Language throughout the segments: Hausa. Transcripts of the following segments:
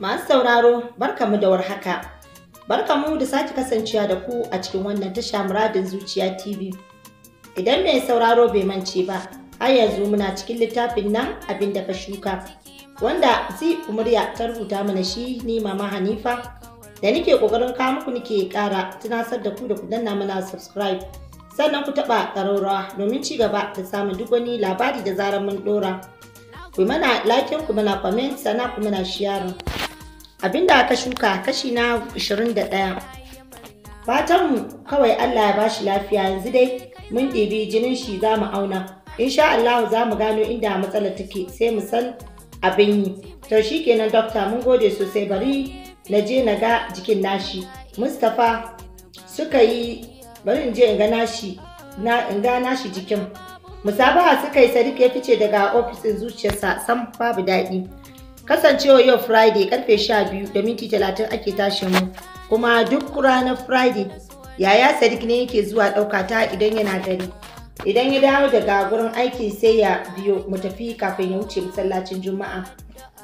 Masu sauraro barka mu da warhaka. Barkamu da sake kasancewa da ku a cikin wannan tasha muradin zuciya TV. Idan mai sauraro bai mance ba, har yanzu muna cikin littafin nan abin da ka shuka. Wanda zai murya ta rubuta mana shi ni mama Hanifa da nike kokarin kawo muku nike kara tunasar da ku da ku danna mana subscribe. Sannan ku taɓa ƙararrawa domin ci gaba da samun duk wani labari da zarar mun ɗora. Ku mana lakin ku mana comment sannan ku mana sharing. Abin da aka shuka kashi na 21 fatanmu kawai Allah ya bashi lafiya yanzu dai mun ɗibi jinin shi za mu auna insha allahu za mu gano inda matsala take sai mu san abin yi Ta shi kenan dokta mun gode sosai bari na je na ga jikin nashi mustapha suka yi bari in je in ga nashi na in ga nashi jikin musabaha suka yi sadiq ya fice daga ofisin zuciyarsa sam babu daɗi kasancewa yau friday karfe 12 da minti 30 ake tashin mu kuma duk ranar friday yaya sadiq ne yake zuwa ɗauka ta idan yana gari idan ya dawo daga gurin aiki sai ya biyo mu tafi kafin ya wuce masallacin juma'a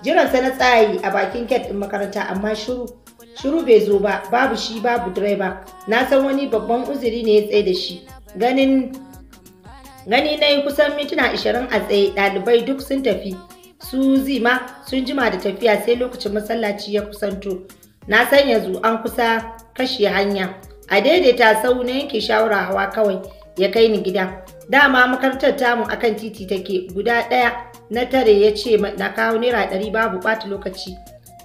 jiran sa na tsayi a bakin gate din makaranta amma shiru shiru bai zo ba babu shi babu direba na san wani babban uzuri ne ya tsaye da shi ganin gani na yi kusan mintuna 20 a tsaye ɗalibai duk sun tafi su zima sun jima da tafiya sai lokacin masallaci ya kusanto na san yanzu an kusa kashe hanya a daidaita sau na yanke shawara hawa kawai ya kai ni gida dama makarantar tamu akan titi take guda ɗaya na tare ya ce na kawo naira ɗari babu ɓata lokaci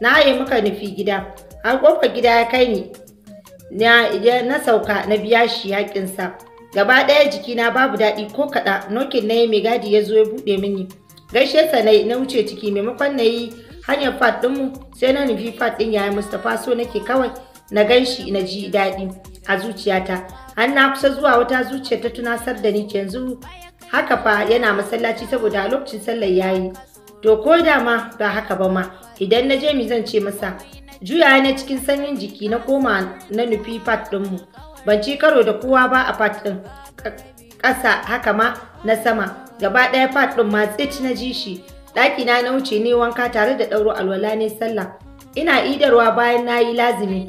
na haye muka nufi gida har ƙofa gida ya kai ni na sauka na biya shi haƙinsa gaba ɗaya jikina babu daɗi ko kaɗa nokin na mai gadi ya zo ya buɗe mini gaishe sa na wuce ciki maimakon na yi hanyar fat ɗinmu sai na nufi fat ɗin yayin mustapha so nake kawai na ganshi na ji daɗi a zuciyata har na kusa zuwa wata zuciyar ta tunasar da ni yanzu haka fa yana masallaci saboda lokacin sallar yayi to ko da ma ba haka ba ma idan na je mi zan ce masa juya na cikin sanyin jiki na koma na nufi fat ɗinmu ban ci karo da kowa ba a fat ɗin ƙasa haka ma na sama gaba ɗaya fat ɗin ma na ji shi ɗaki na na wuce ne wanka tare da ɗauro alwala ne sallah ina idarwa bayan na yi lazimi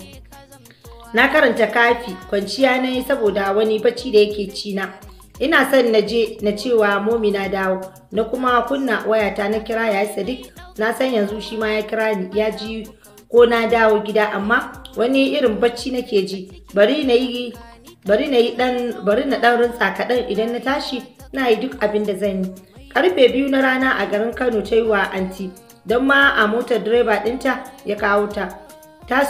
na karanta kafi kwanciya na yi saboda wani bacci da yake ci na ina son na je na cewa momi na dawo na kuma kunna wayata na kira yayi sadiq na san yanzu shi ma ya kira ni ya ji ko na dawo gida amma wani irin bacci nake ji bari na yi bari na yi dan bari na dan rinsa kaɗan idan na tashi na yi duk abin da zan yi karfe biyu na rana a garin kano ta yi wa anti don ma a motar direba ɗinta ya kawo ta ta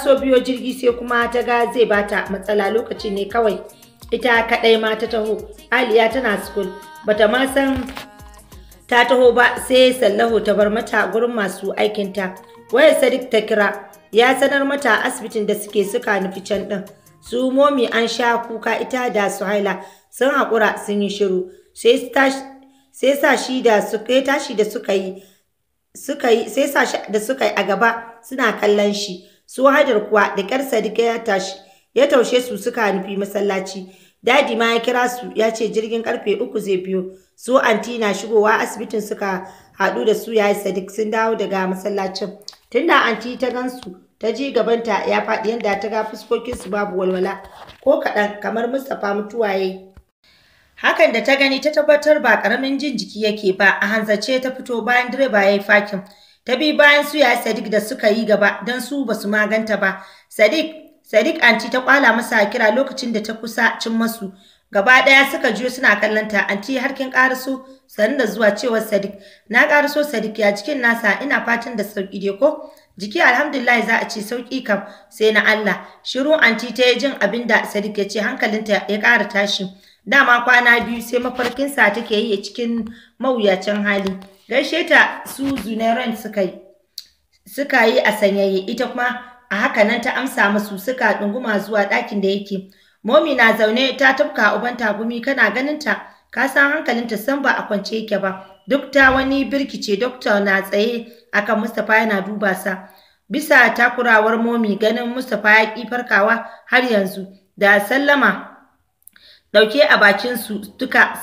so biyo jirgi sai kuma ta ga zai bata matsala lokaci ne kawai ita kaɗai ma ta taho aliya tana school bata ma san ta taho ba sai sallahu ta bar mata gurin masu aikinta wayar sadiq ta kira ya sanar mata asibitin da suke suka nufi can ɗin su momi an sha kuka ita da suhaila sun haƙura sun yi shiru sai sa shi da suka tashi da suka yi suka yi sai sa da suka yi a gaba suna kallon shi su hadar kuwa da ƙyar sadiqa ya tashi ya taushe su suka nufi masallaci dadi ma ya kira su ya ce jirgin karfe uku zai biyo su anti na shigowa asibitin suka haɗu da su yayi sadik sun dawo daga masallacin tunda anti ta gansu ta ji gabanta ya faɗi yadda ta ga fuskokinsu babu walwala ko kaɗan kamar mustapha mutuwaye hakan da ta gani ta tabbatar ba ƙaramin jin jiki yake ba a hanzace ta fito bayan direba ya yi fakin ta bi bayan su ya sadiq da suka yi gaba don su ba su maganta ba sadiq sadiq anti ta kwala masa kira lokacin da ta kusa cin masu gaba ɗaya suka juyo suna kallon ta anti har kin ƙaraso sanin da zuwa cewa sadiq na ƙaraso sadiq ya cikin nasa ina fatan da sauki dai ko Jiki alhamdulillah za a ce sauki kam sai na Allah. Shiru anti ta yi jin abin da Sadiq ya ce hankalinta ya ƙara tashi. Dama kwana biyu sai mafarkin sa take yi cikin mawuyacin hali. Gaishe ta su zunaren suka yi. Suka yi a sanyaye ita kuma a haka nan ta amsa musu suka ɗunguma zuwa ɗakin da yake. Momi na zaune ta tafka uban tagumi kana ganin ta ka san hankalinta san ba a kwance yake ba. Duk ta wani ce, dokta na tsaye akan Mustapha yana duba sa. Bisa takurawar momi ganin Mustapha ya ki farkawa har yanzu da sallama ɗauke a bakin su suka,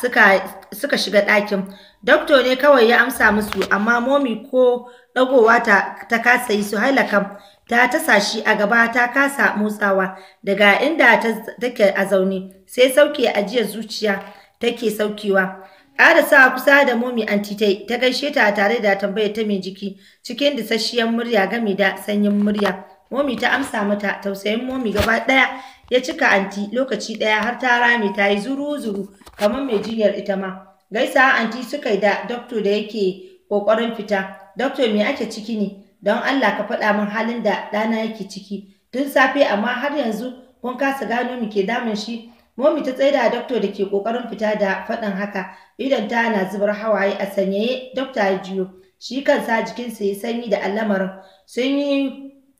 suka shiga ɗakin. Dokto ne kawai ya amsa musu amma momi ko dagowa ta, ta kasa yi su hailakam ta tasa shi a gaba ta kasa motsawa daga inda take a zaune sai sauke ajiyar zuciya take saukewa. sa kusa da momi anti tai ta gaishe ta tare da tambayar ta mai jiki cikin disasshiyar murya gami da sanyin murya. Momi ta amsa mata tausayin momi gaba ɗaya ya cika anti lokaci ɗaya har ta rame ta yi zuru-zuru kamar mai jinyar ita ma. Gaisa anti suka yi da dokto da yake ƙoƙarin fita. Doctor me ake ciki ne? Don Allah ka faɗa min halin da ɗana yake ciki. Tun safe amma har yanzu kun kasa gano me ke damun shi. Momi ta tsaida dokto da ke ƙoƙarin fita da faɗin haka. ta na zubar hawaye a sanyaye dokta ya jiyo shi kansa jikinsa ya sanyi da al'amarin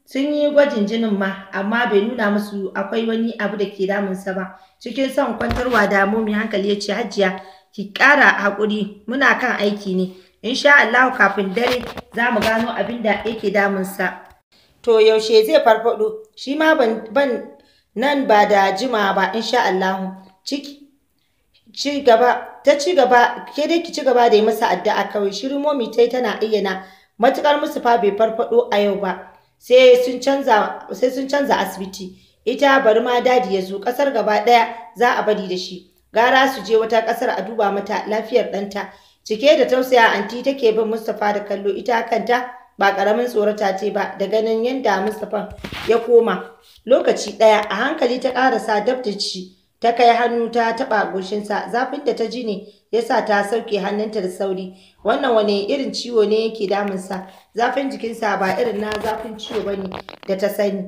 sun yi gwajin jinin ma amma bai nuna musu akwai wani abu da ke damunsa ba cikin son kwantarwa da mai hankali ya ce hajiya ki ƙara haƙuri muna kan aiki ne insha Allah kafin dare za mu gano abin da yake damunsa to yaushe zai farfaɗo? shi ma ban nan ba da jima ba insha Allah ciki ci ta ci gaba ke dai ki ci gaba da yi masa addu'a kawai shirin momi tai tana ayyana matukar fa bai farfado a yau ba sai sun canza asibiti ita bari ma dadi ya zo kasar gaba daya za a bari da shi gara su je wata kasar a duba mata lafiyar ɗanta cike da tausaya anti take bin mustafa da kallo ita kanta ba karamin tsorata ce ba da ganin yanda mustafa ya koma lokaci daya a hankali ta karasa dabtaci ta kai hannu ta taɓa goshinsa zafin da ta ji ne ya sa ta sauke hannunta da sauri wannan wani irin ciwo ne yake damunsa zafin jikinsa ba irin na zafin ciwo ba ne da ta sani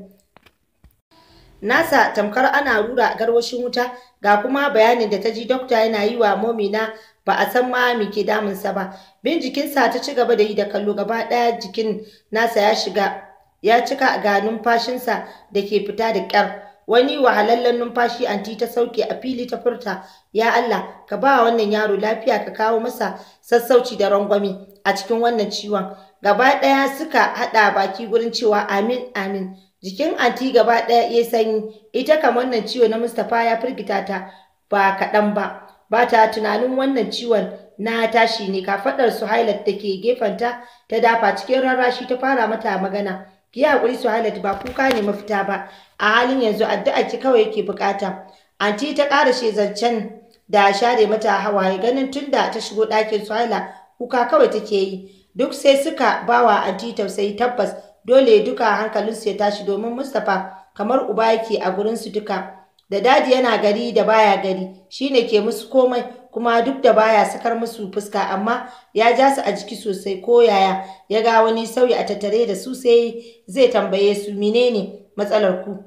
nasa tamkar ana rura garwashin wuta ga kuma bayanin da ta ji dokta yana yi wa momina ba a san ma me ke damunsa ba bin jikinsa ta ci gaba da yi da kallo gaba ɗaya jikin nasa ya shiga ya cika ga numfashinsa da ke fita da kyar. wani wahalallen numfashi anti ta sauke a fili ta furta ya Allah ka ba wannan yaro lafiya ka kawo masa sassauci da rangwami a cikin wannan ciwon gaba ɗaya suka haɗa baki gurin cewa amin amin jikin anti gaba ɗaya ya sanyi ita kam wannan ciwo na Mustapha ya firgita ta ba kaɗan ba ba ta tunanin wannan ciwon na tashi ne kafaɗar Suhailat da ke gefanta ta dafa cikin rarrashi ta fara mata magana ki hakuri Suhailat ba kuka ne mafita ba a halin yanzu addu'a ki kawai yake bukata anti ta ƙara shi zancen da share mata hawaye ganin tunda ta shigo ɗakin suhaila kuka kawai take yi duk sai suka bawa anti tausayi tabbas dole duka hankalinsu ya tashi domin mustapha kamar uba yake a gurin su duka da dadi yana gari da baya gari shine ke musu komai kuma duk da baya sakar musu fuska amma ya ja su a jiki sosai ko yaya ya ga wani sauyi a tattare da su sai zai tambaye su menene matsalar ku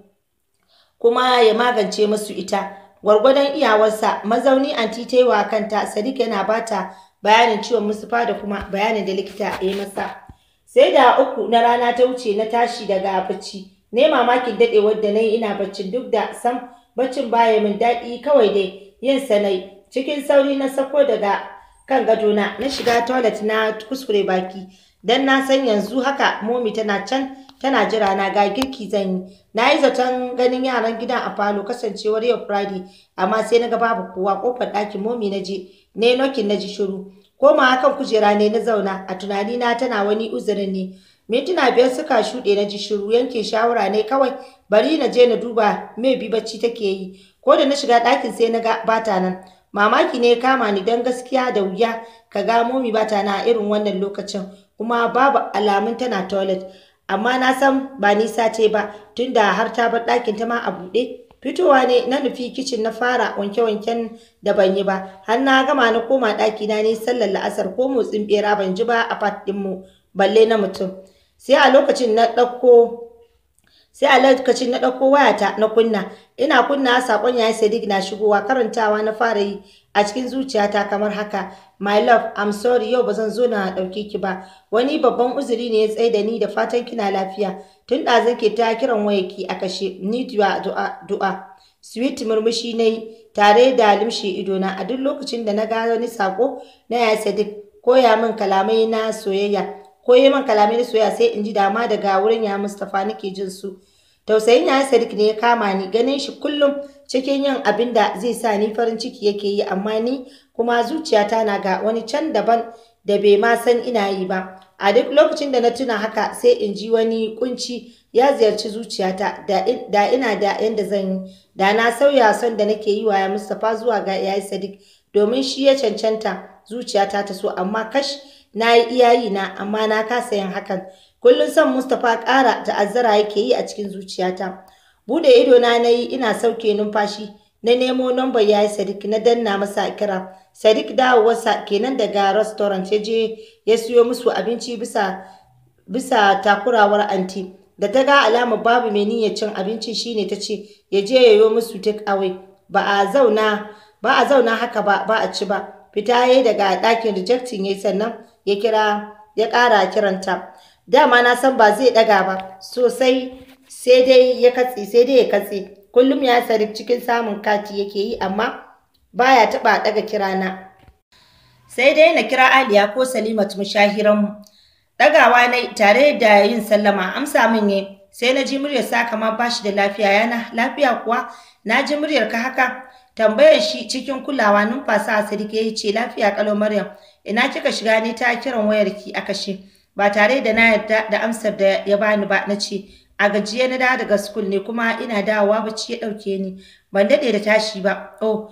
kuma ya magance musu ita gwargwadon iyawarsa mazauni anti ta kanta sadiq yana bata bayanin ciwon musufa da kuma bayanin da likita ya masa sai da uku na rana ta wuce na tashi daga bacci ne mamakin dadewar da nayi ina baccin duk da sam baccin baya min daɗi kawai dai yin sanai cikin sauri na sako daga kan gadona na shiga toilet na kuskure baki dan na san yanzu haka momi tana can tana jira na ga girki zan yi na yi zaton ganin yaran gidan a falo kasancewar yau friday amma sai na ga babu kowa kofar ɗakin momi na je ne nokin na ji shiru koma hakan kujera ne na zauna a tunani na tana wani uzurin ne mintuna biyar suka shuɗe na ji shiru yanke shawara ne kawai bari na je na duba me bi bacci take yi ko da na shiga ɗakin sai na ga bata nan mamaki ne kama ni dan gaskiya da wuya ka ga momi bata na irin wannan lokacin kuma babu alamun tana toilet amma na san ba nisa ce ba tunda har ta bar ɗakin ta ma a buɗe fitowa ne na nufi kicin na fara wanke-wanken da ban yi ba har na gama na koma ɗaki na ne sallar la'asar ko motsin bera ban ji ba a fat mu balle na mutum sai a lokacin na ɗauko sai a lokacin na ɗauko wayata na kunna ina kunna sakon yayin sadiq na shigowa karantawa na fara yi a cikin zuciyata kamar haka my love i'm sorry yau ba zan zo na ɗauki ki ba wani babban uzuri ne ya tsaye da ni da fatan kina lafiya tun ɗazin ke ta kiran wayarki a kashe ni du'a du'a sweet murmushi na tare da limshe idona a duk lokacin da na gano ni sako na ya sadiq koya min kalamai na soyayya min kalamai na soyayya sai in ji dama daga wurin ya mustafa nake jin su Tausayin ya Sadiq ne ya kama ni ganin shi kullum cikin yin abin da zai sa ni farin ciki yake yi amma ni kuma zuciyata na ga wani can daban da bai ma san ina yi ba. A duk lokacin da na tuna haka sai in ji wani kunci ya ziyarci zuciyata da ina da yadda zan yi. Da na sauya son da nake yi wa ya Mustapha zuwa ga yayi Sadiq domin shi ya cancanta zuciyata ta so amma kash na yi iyayi na amma na kasa yin hakan. kullum son mustapha ƙara ta'azzara yake yi a cikin zuciyata bude ido na nayi ina sauke numfashi na nemo ya yayi sadiq na danna masa kira sadiq dawowarsa kenan daga restaurant ya je ya siyo musu abinci bisa bisa takurawar anti da ta ga alama babu mai niyyar cin abinci shine ta ce ya je yayo musu take away ba a zauna ba a zauna haka ba ba a ci ba fita ya daga ɗakin rejecting yayi sannan ya kira ya ƙara kiranta dama na san ba zai ɗaga ba sosai sai dai ya katse sai dai ya katse kullum ya sari cikin samun kati yake yi amma baya taɓa ɗaga kirana sai dai na kira aliya ko salimat mu ɗagawa na tare da yin sallama amsa min ne sai na ji muryar sa kamar ba shi da lafiya yana lafiya kuwa na ji muryar ka haka tambayar shi cikin kulawa numfasa a sirke ya ce lafiya kalo maryam ina kika shiga ne ta kiran wayarki a kashe ba tare da na yarda da amsar da ya bani ba na ce a gajiye na da daga school ne kuma ina dawowa bacci ya ɗauke ni ban daɗe da tashi ba oh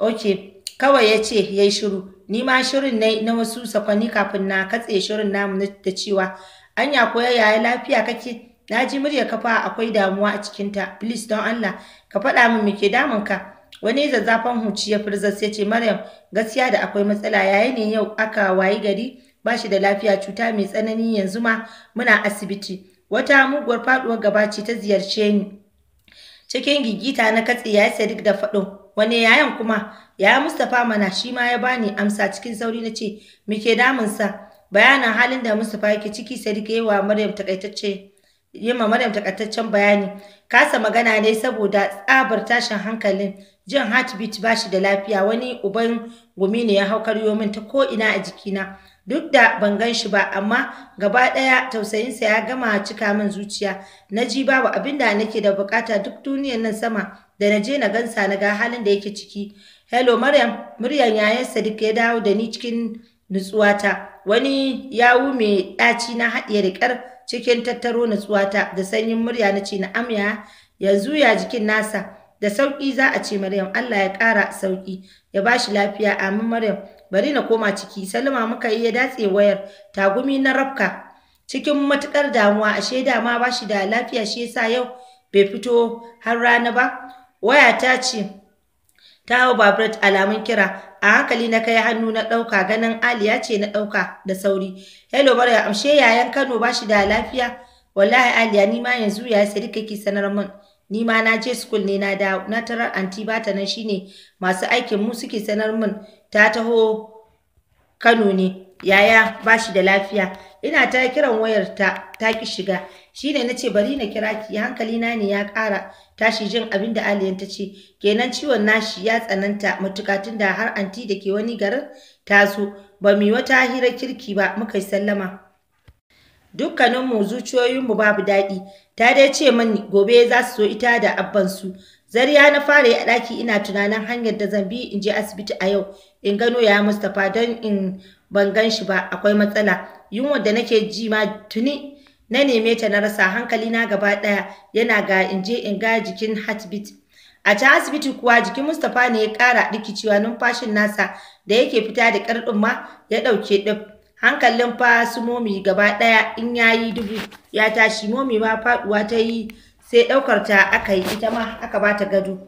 okay kawai ya ce ya yi shiru ni ma shirin na na wasu sakwanni kafin na katse shirin namu da cewa anya koya yaya lafiya kake na ji murya kafa akwai damuwa a cikinta please don Allah ka faɗa min me ke damun ka. wani zazzafan huci ya sai ce Maryam gaskiya da akwai matsala yayi ne yau aka wayi gari ba shi da lafiya cuta mai tsanani yanzu ma muna asibiti wata muguwar faduwar gaba ce ta ziyarce ni cikin gigita na katse ya sadiq da faɗo wani yayan kuma ya mustafa mana shi ma ya bani amsa cikin sauri na ce muke sa bayanin halin da mustafa yake ciki sadiq yayi wa maryam takaitacce yi ma maryam takaitaccen bayani kasa magana ne saboda tsabar tashin hankalin jin heartbeat ba shi da lafiya wani uban gumi ne ya hau karyo min ta ko ina a jikina duk da ban gan shi ba amma gaba ɗaya tausayinsa ya gama cika min zuciya na ji babu abin da nake da bukata duk duniyar nan sama da na je na gansa na ga halin da yake ciki hello maryam muryan yayan sadiq ya dawo da ni cikin nutsuwata wani yawu mai ɗaci na haɗiye riƙar cikin tattaro nutsuwata da sanyin murya na ce na amya yanzu ya jikin nasa da sauƙi za a ce maryam allah ya ƙara sauƙi ya bashi lafiya amin maryam bari na koma ciki salma muka yi ya datse wayar tagumi na rafka cikin matukar damuwa ashe dama ba shi da lafiya shi yasa yau bai fito har rana ba waya ta ce ta hau babret alamun kira a hankali na kai hannu na ɗauka ganin aliya ce na ɗauka da sauri hello maryam amshe yayan kano ba shi da lafiya wallahi aliya ya nima yanzu ya duka ke sanar min ni ma na je school ne na da na tarar anti ta nan shine masu aikin mu suke sanar min ta taho Kano ne yaya ba shi da lafiya ina ta kiran wayar ta ta ki shiga shi na ce bari na kira ki hankali na ne ya ƙara tashi jin abin da Aliyan ta ce kenan ciwon nashi ya tsananta matuƙa da har anti da ke wani garin ta zo ba mu yi wata hira kirki ba muka yi sallama dukkaninmu zuciyoyinmu babu daɗi ta dai ce mani gobe za su zo ita da abbansu Zariya na fara yi a ɗaki ina tunanin hanyar da zan bi in je asibiti a yau in gano ya Mustapha don in ban gan shi ba akwai matsala. Yunwar da nake ji ma tuni na neme ta na rasa hankali na gaba ɗaya yana ga in je in ga jikin heartbeat. A can asibiti kuwa jikin Mustapha ne ya ƙara rikicewa numfashin nasa da yake fita da ƙarɗin ma ya ɗauke ɗin. Hankalin fa su momi gaba ɗaya in yayi dubu ya tashi momi ma faɗuwa ta yi sai ɗaukar ta aka yi ita ma aka bata gado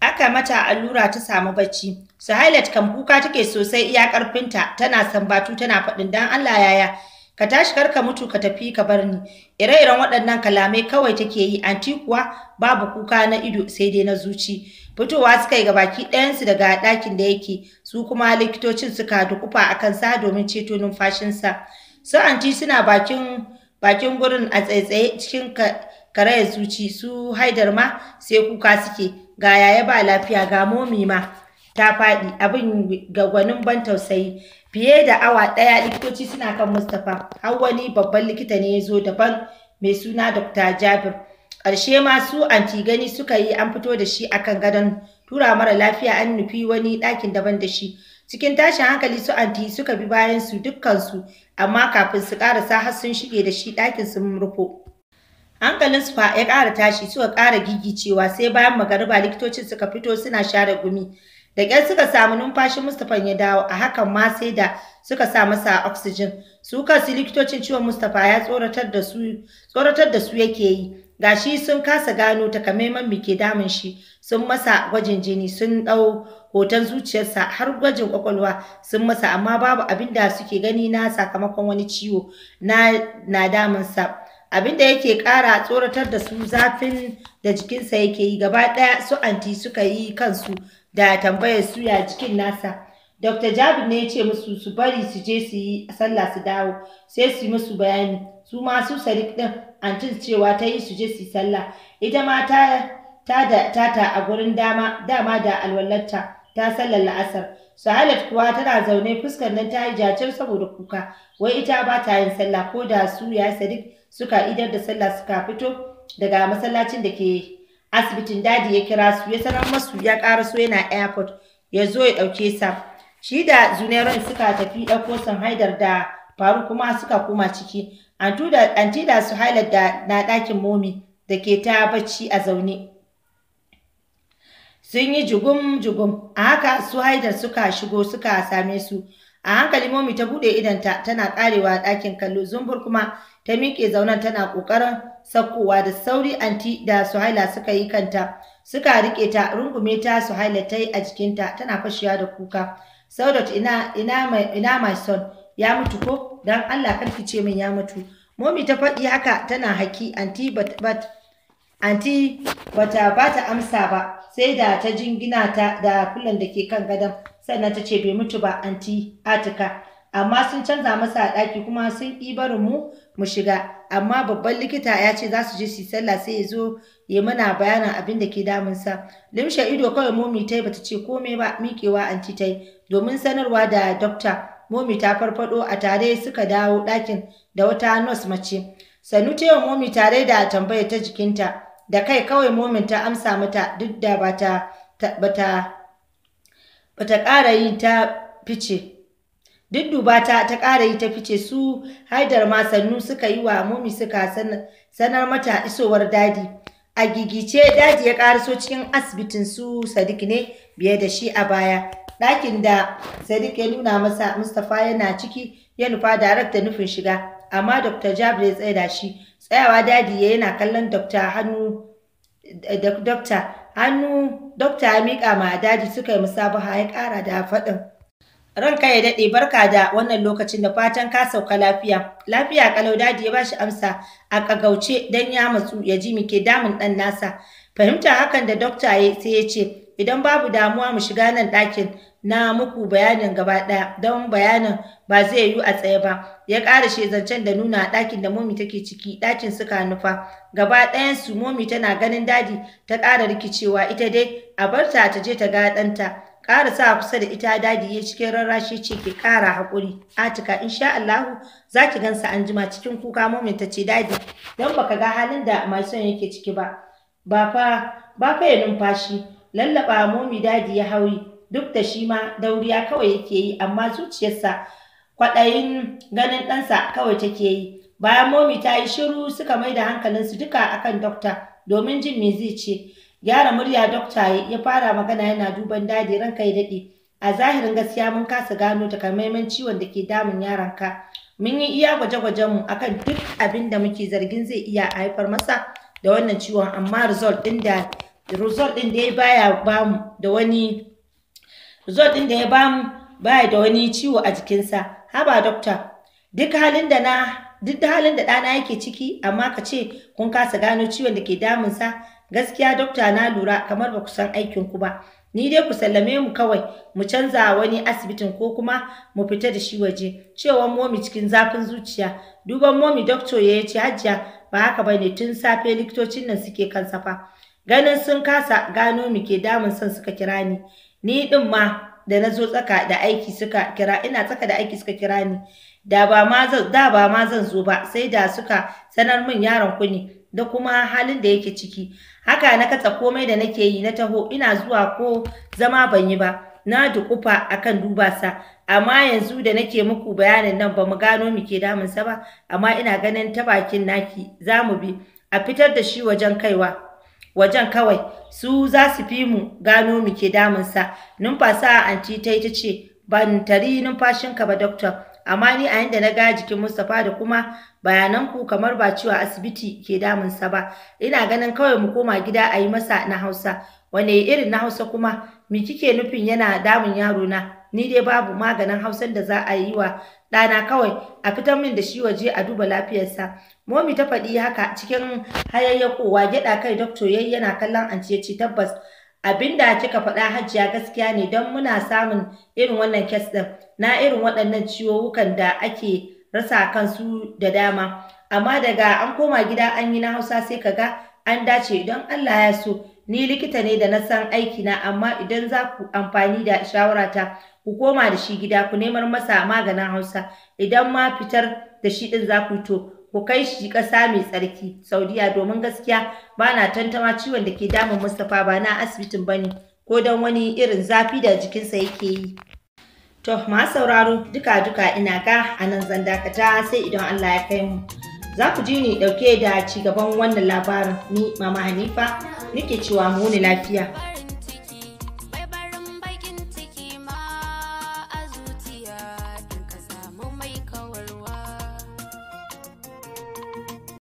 aka mata allura ta samu bacci Suhailat kan kuka take sosai iya ƙarfinta tana sambatu tana faɗin dan Allah yaya ka tashi kar ka mutu ka tafi ka bar ni ire-iren waɗannan kalamai kawai take yi anti kuwa babu kuka na ido sai dai na zuci fitowa suka yi ga baki ɗayansu daga ɗakin da yake su kuma likitocin suka dukufa a sa domin ceto numfashinsa su anti suna bakin bakin gurin a tsaitsaye cikin karaya zuci su haidar ma sai kuka suke ga yaya ba lafiya ga momi ma ta faɗi abin ga gwanin ban tausayi fiye da awa ɗaya likitoci suna kan mustapha har wani babban likita ne ya zo daban mai suna dr jabir ƙarshe ma su anti gani suka yi an fito da shi akan gadon tura mara lafiya an nufi wani ɗakin daban da shi cikin tashin hankali su anti suka bi bayan su dukkansu amma kafin su ƙarasa har sun shige da shi ɗakin sun rufo Hankalin su fa ya ƙara tashi suka ƙara gigicewa sai bayan magariba likitocin suka fito suna share gumi. Da ƙyar suka samu numfashin Mustapha ya dawo a hakan ma sai da suka sa masa oxygen. Su kansu likitocin ciwon Mustapha ya tsoratar da su tsoratar da su yake yi. Gashi sun kasa gano takamaiman me ke damun shi. Sun masa gwajin jini sun ɗau hoton zuciyarsa har gwajin kwakwalwa sun masa amma babu abin da suke gani na sakamakon wani ciwo na na damunsa. abin da yake kara tsoratar da su zafin da jikinsa yake yi gaba ɗaya su anti suka yi kansu da tambayar su ya jikin nasa dr jabir ne ya ce musu su bari su je su yi sallah su dawo sai su yi musu bayani su ma su sarik ɗin antin cewa ta yi su je su yi sallah ita ma ta da tata a gurin dama dama da alwallarta ta sallar la'asar Su Suhailat kuwa tana zaune fuskar nan ta yi jacir saboda kuka wai ita ba ta yin sallah ko da su ya sadik suka idar da sallah suka fito daga masallacin da ke asibitin dadi ya kira su ya sanar masu ya ƙara so yana airport ya zo ya ɗauke sa shi da zuneron suka tafi ɗauko san haidar da faru kuma suka koma ciki anti da su halar da na ɗakin momi da ke ta bacci a zaune sun yi jugum-jugum a haka su haidar suka shigo suka same su a hankali momi ta buɗe idanta tana ƙarewa ɗakin kallo zumbur kuma ta miƙe zaunan tana ƙoƙarin sakkowa da sauri anti da Suhaila suka yi kanta suka riƙe ta rungume ta Suhaila ta yi a jikinta tana fashewa da kuka Saudat ina ina mai son ya mutu ko dan Allah karki ce min ya mutu Momi ta faɗi haka tana haki anti bat bat anti bata amsa ba sai da ta jingina ta da fulan da ke kan gadon sannan ta ce bai mutu ba anti Atika amma sun canza masa ɗaki kuma sun ƙi barin mu mu shiga amma babban likita ya ce za su je su sallah sai ya zo ya mana bayanin abin da ke sa limsha ido kawai momi ta yi bata ce komai ba miƙewa anti ta yi domin sanarwa da dokta momi ta farfado a tare suka dawo ɗakin da wata nurse mace sannu ta yi momi tare da tambayar ta jikinta da kai kawai momin ta amsa mata duk da bata bata bata ƙara yi ta fice dudduba ta ta ƙara yi ta fice su haidar ma suka yi wa mumi suka sanar mata isowar dadi a gigice daji ya ƙaraso cikin asibitin su sadiq ne biye da shi a baya ɗakin da sadiq ya nuna masa mustapha yana ciki ya nufa darakta nufin shiga amma dr jabir ya da shi tsayawa dadi ya yana kallon Dr. hannu dokta hannu dokta ya miƙa ma dadi suka yi musabaha ya ƙara da faɗin Ranka ya daɗe barka da wannan lokacin da fatan ka sauka lafiya. Lafiya kalau dadi ya bashi amsa a kagauce dan ya matsu ya ji mike damun ɗan nasa. Fahimta hakan da dokta ya sai ya ce idan babu damuwa mu shiga nan ɗakin na muku bayanin gaba ɗaya don bayanin ba zai yiwu a tsaye ba. Ya ƙara shi zancen da nuna a ɗakin da momi take ciki ɗakin suka nufa. Gaba ɗayansu momi tana ganin dadi ta ƙara rikicewa ita dai a barta ta je ta ga ɗanta. sa kusa da ita dadi ya cikin rarrashi ce ke ƙara haƙuri. Atika insha Allahu za ki gansa an jima cikin kuka momin ta ce dadi don baka ga halin da mai son yake ciki ba. Ba fa ba fa ya numfashi lallaɓa momi dadi ya hauri duk da shi ma dauriya kawai yake yi amma zuciyarsa kwaɗayin ganin ɗansa kawai take yi. Bayan momi ta yi shiru suka mai da hankalinsu duka akan dokta domin jin me zai ce. gyara murya dokta ya fara magana yana duban dadi ranka ya daɗe a zahirin gaskiya mun kasa gano takamaiman ciwon da ke damun yaranka. mun yi iya gwaje-gwajenmu akan duk abin da muke zargin zai iya haifar masa da wannan ciwon amma result ɗin da result ɗin da ya baya bamu da wani result ɗin da ya bamu baya da wani ciwo a jikinsa haba dokta duk halin da na duk halin da ɗana yake ciki amma ka ce kun kasa gano ciwon da ke damunsa gaskiya dokta na lura kamar ba ku san aikin ku ba ni dai ku sallame mu kawai mu canza wani asibitin ko kuma mu fita da shi waje cewa momi cikin zafin zuciya duban momi dokto ya ce hajiya ba haka ba ne tun safe likitocin nan suke kan safa ganin sun kasa gano mu ke damun son suka kira ni ni din ma da na zo tsaka da aiki suka kira ina tsaka da aiki suka kira ni da ba zan da ba ma zan zo ba sai da suka sanar min yaron ku ne da kuma halin da yake ciki haka na katsa komai da nake yi na taho ina zuwa ko zama ban yi ba na dukufa akan duba sa amma yanzu da nake muku bayanin nan ba mu gano mu ke damun sa ba amma ina ganin ta bakin naki zamu bi a fitar da shi wajen kaiwa wajen kawai su za su fi mu gano mu ke damun sa numfasa anti tai ta ce ban tari numfashinka ba doctor amma ni a yanda na ga jikin Mustapha da kuma bayanan ku kamar ba cewa asibiti ke damunsa ba ina ganin kawai mu koma gida a yi masa na Hausa wane irin na Hausa kuma me kike nufin yana damun yaro na ni dai babu maganin Hausan da za a yi wa ɗana kawai a fitar min da shi waje a duba lafiyarsa momi ta faɗi haka cikin hayayyakowa gyaɗa kai doctor yayi yana kallon anci ya ce tabbas abin da kika faɗa hajiya gaskiya ne don muna samun irin wannan kes ɗin na irin waɗannan ciwowukan da ake rasa kansu da dama amma daga an koma gida an yi na hausa sai ka ga an dace don allah ya so ni likita ne da na san aikina amma idan za ku amfani da shawarata ku koma da shi gida ku neman masa maganin hausa idan ma fitar da shi ɗin za ku to ku kai shi ƙasa mai tsarki Saudiya domin gaskiya ba na tantama ciwon da ke damun Mustapha ba na asibitin ba ne ko don wani irin zafi da jikinsa yake yi. To ma sauraro duka duka ina ga a nan zan dakata sai idan Allah ya kai mu. Za ku ji ni ɗauke da cigaban wannan labarin ni Mama Hanifa nake cewa mu ne lafiya.